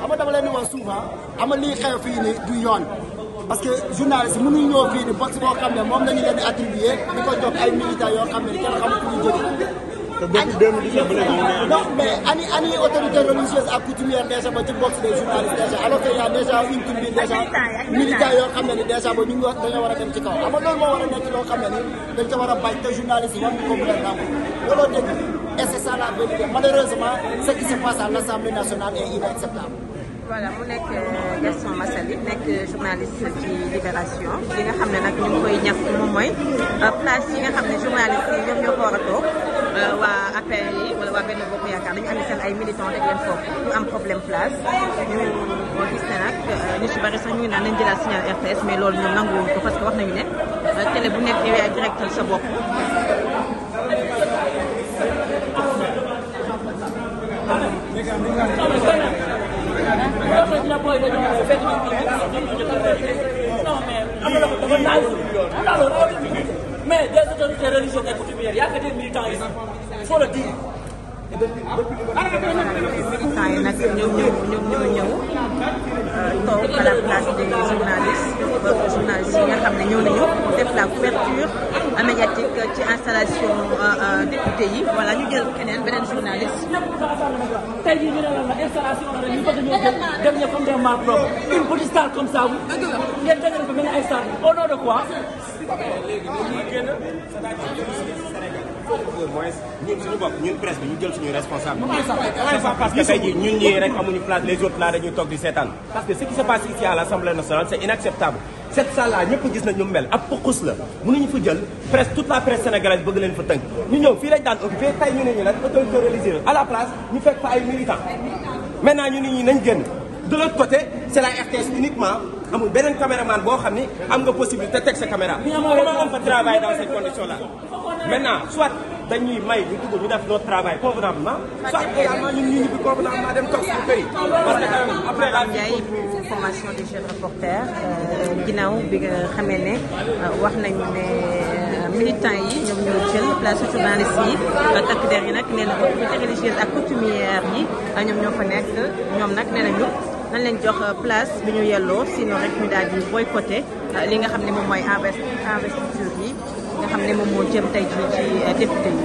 xam nga dama leen di wax souvent am na liy xew fii nii du yoon parce que journaliste mënuñu ñëw fii nii box boo xam ne moom la ñu leen di attribué di ko jox ay militants yoo xam ne kenn xamul fu ñu jógee depuis 2017 ba léegi non mais ani ani autorité religieuse ak coutumière déjà ba ci box des journalistes déjà alors que y a déjà une commune déjà militants yoo xam ne ni déjà ba ñu ngi wax dañoo war a dem ci kaw ama loolu moo war a nekk loo xam ne ni dañ ko war a bañ te journalistes yi war ko mën a nangu looloo dégg et c'est ça la vérité malheureusement ce qui se passe à l'Assemblée nationale est inacceptable voilà mu nekk euh, Gaston Massali nekk journaliste ci Libération li nga xam ne nag ñu ngi koy ñax moom mooy euh, place yi nga xam ne journaliste yi ñoom ñoo ko war a toog Euh, waa APR yi wala waa benn bokk yaakaar dañu andi seen ay militant rek leen foofu ñu am problème place ñu gis ne nag euh, ñu si bari sax ñu ngi naan nañ jëlaat signal RTS mais loolu ñoom ko parce ne euh, télé bu nekk yow yaay directal sa bopp. autorité religieuse et coutumière y a que des militants ici il faut le dire. militants yi nag ñoo ñëw ñoo ñëw euh, toog à la place des journalistes journalistes yi nga xam ne ñëw nañu def la couverture médiatique ci installation euh, euh, député yi voilà ñu jël keneen beneen journaliste. tey jii ñu ne la installation la ñu bëgg ñoo jël dem ñu comme des malpropres une petite star comme ça ngeen dëggal ko mel ni ay star au nom de quoi. léegi dañuy génn au moins ñun suñu bopp ñun presse bi ñu jël suñuy responsable parce que tey jii ñun ñii rek toog di parce que ce qui se passe ici à l'Assemblée nationale c'est inacceptable cette salle là ñëpp gis nañ ñu mel ab pukus la mënuñu fa jël presse toute la presse sénégalaise bëgg leen fa tënk ñu ñëw fii lañ daan occupé tey ñu ne ñu nag autorité religieuse la place ñu fekk fa ay militants maintenant ñu nit ñi nañ génn de l'autre côté c'est la RTS uniquement amul beneen caméraman boo xam ni am nga possibilité teg sa caméra. comment on peut travailler dans ces conditions là. maintenant soit dañuy may ñu dugg ñu def notre travail convenablement. soit également ñun ñu ñibbi convenablement dem toog suñu kër yi. parce que après la Ndiaye bu formation des jeunes reporters euh, ginnaaw bi nga xamee ne euh, wax nañu ne. Euh, militants yi ñoom ñoo jël place journaliste yi takk der yi nag nee na autorité religieuse ak coutumière yi ñoom ñoo fa nekk ñoom nag nee nañu nañ leen jox place bi yàlloo yelloo sinon rek ñu daal euh, li nga xam ne moom mooy investiture yi nga xam ne moom moo jëm tey jii ci euh, député yi.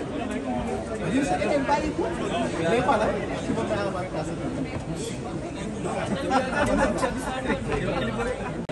Lui, a n'était pas les coups. Mais voilà, tu vas faire la place.